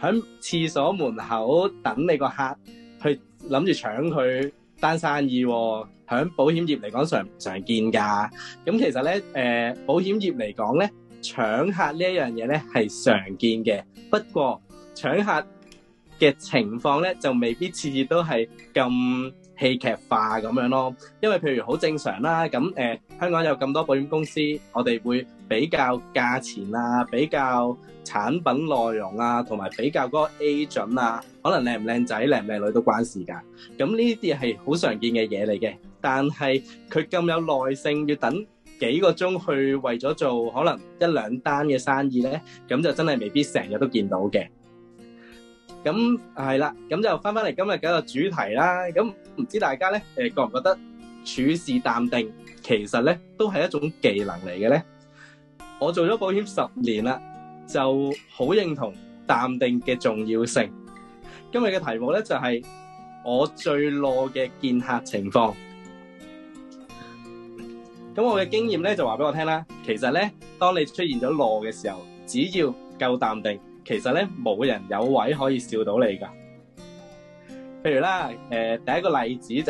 喺廁所門口等你個客，去諗住搶佢單生意喎，喺保險業嚟講常唔常見㗎？咁其實咧，誒保險業嚟講咧，搶客呢一樣嘢咧係常見嘅，不過搶客嘅情況咧就未必次次都係咁。戲劇化咁樣咯，因為譬如好正常啦，咁誒、呃、香港有咁多保險公司，我哋會比較價錢啊，比較產品內容啊，同埋比較嗰個 a 准啊，可能靚唔靚仔、靚唔靚女都關事㗎。咁呢啲係好常見嘅嘢嚟嘅，但係佢咁有耐性要等幾個鐘去為咗做可能一兩單嘅生意咧，咁就真係未必成日都見到嘅。咁係啦，咁就翻翻嚟今日嘅一個主題啦。咁唔知大家咧，誒，覺唔覺得處事淡定，其實咧都係一種技能嚟嘅咧？我做咗保險十年啦，就好認同淡定嘅重要性。今日嘅題目咧就係我最 𤓓 嘅見客情況。咁我嘅經驗咧就話俾我聽啦，其實咧，當你出現咗 𤓓 嘅時候，只要夠淡定。其實咧冇人有位可以笑到你噶。譬如啦，誒第一個例子就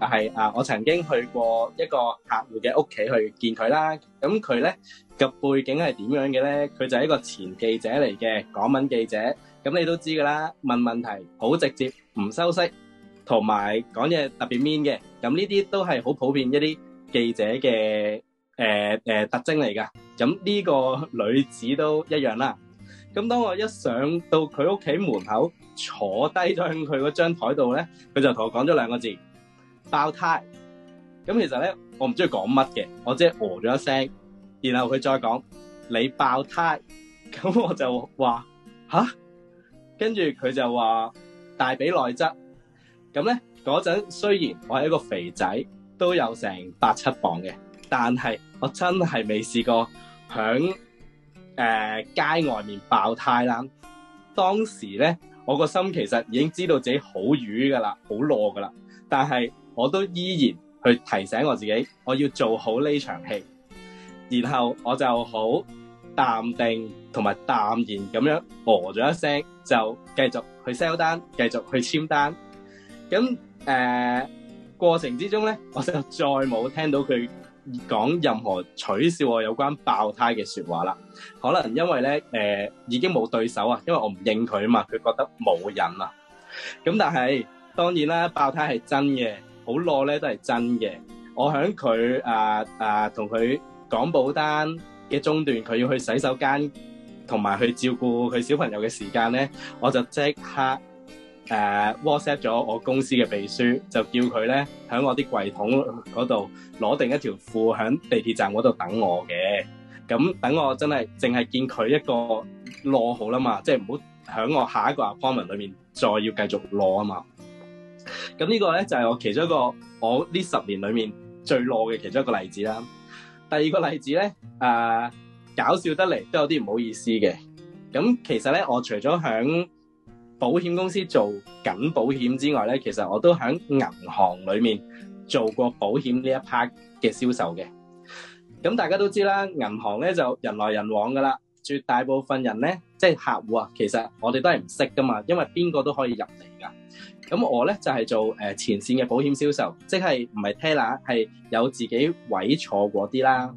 就係啊，我曾經去過一個客戶嘅屋企去見佢啦。咁佢咧嘅背景係點樣嘅咧？佢就係一個前記者嚟嘅港聞記者。咁你都知噶啦，問問題好直接，唔收息，同埋講嘢特別 mean 嘅。咁呢啲都係好普遍一啲記者嘅誒誒特徵嚟噶。咁呢個女子都一樣啦。咁當我一上到佢屋企門口，坐低咗喺佢嗰張台度咧，佢就同我講咗兩個字：爆胎。咁其實咧，我唔鍾意講乜嘅，我即係哦咗一聲。然後佢再講你爆胎，咁我就話吓？跟住佢就話大髀內側。咁咧嗰陣雖然我係一個肥仔，都有成八七磅嘅，但係我真係未試過響，誒、呃、街外面爆胎啦！當時咧，我個心其實已經知道自己好瘀㗎喇，好落㗎喇，但係我都依然去提醒我自己，我要做好呢場戲。然後我就好淡定同埋淡然咁樣哦咗一聲，就繼續去 sell 單，繼續去簽單。咁誒、呃、過程之中咧，我就再冇聽到佢。講任何取笑我有關爆胎嘅說話啦，可能因為咧，誒、呃，已經冇對手啊，因為我唔認佢啊嘛，佢覺得冇癮啦。咁但係當然啦，爆胎係真嘅，好耐咧都係真嘅。我響佢啊、啊同佢講保單嘅中段，佢要去洗手間同埋去照顧佢小朋友嘅時間咧，我就即刻。誒，WhatsApp 咗我公司嘅秘書，就叫佢咧喺我啲櫃桶嗰度攞定一條褲，喺地鐵站嗰度等我嘅。咁等我真係淨係見佢一個落好啦嘛，即係唔好響我下一個 appointment 裏面再要繼續落啊嘛。咁呢個咧就係我其中一個我呢十年裏面最落嘅其中一個例子啦。第二個例子咧，誒，搞笑得嚟都有啲唔好意思嘅。咁其實咧，我除咗響。保險公司做緊保險之外咧，其實我都喺銀行裏面做過保險呢一 part 嘅銷售嘅。咁大家都知啦，銀行咧就人來人往噶啦，絕大部分人咧即係客戶啊，其實我哋都係唔識噶嘛，因為邊個都可以入嚟噶。咁我咧就係、是、做前線嘅保險銷售，即係唔係 teller，係有自己位坐嗰啲啦。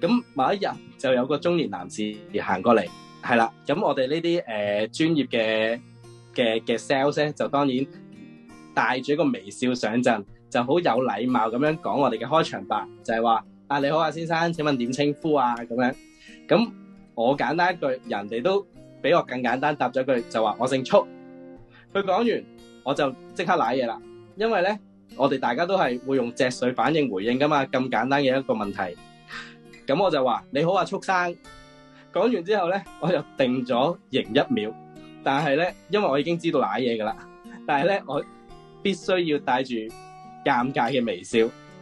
咁某一日就有個中年男士行過嚟，係啦，咁我哋呢啲誒專業嘅嘅嘅 sales 咧就當然帶住一個微笑上陣，就好有禮貌咁樣講我哋嘅開場白，就係話啊，你好啊先生，請問點稱呼啊咁樣。咁我簡單一句，人哋都比我更簡單答咗一句，就話我姓速。佢講完，我就即刻賴嘢啦，因為咧我哋大家都係會用脊髓反應回應噶嘛，咁簡單嘅一個問題。咁我就話，你好啊速生。講完之後咧，我又定咗凝一秒。但係咧，因為我已經知道瀨嘢噶啦，但係咧，我必須要帶住尷尬嘅微笑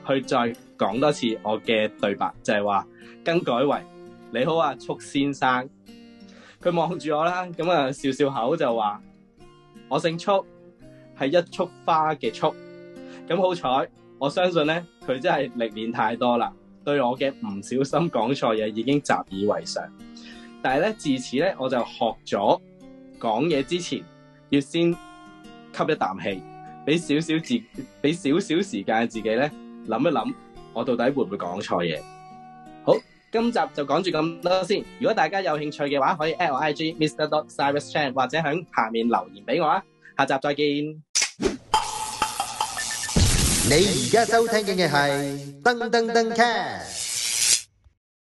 去再講多次我嘅對白，就係話更改為你好啊，束先生。佢望住我啦，咁啊笑笑口就話我姓束，係一束花嘅束。咁好彩，我相信咧佢真係歷練太多啦，對我嘅唔小心講錯嘢已經習以為常。但係咧自此咧，我就學咗。講嘢之前，要先吸一啖氣，俾少少自，俾少少時間自己咧，諗一諗，我到底會唔會講錯嘢？好，今集就講住咁多先。如果大家有興趣嘅話，可以 at 我 I G Mr. Cyrus Chan，或者喺下面留言俾我啊。下集再見。你而家收聽嘅係噔噔噔 c a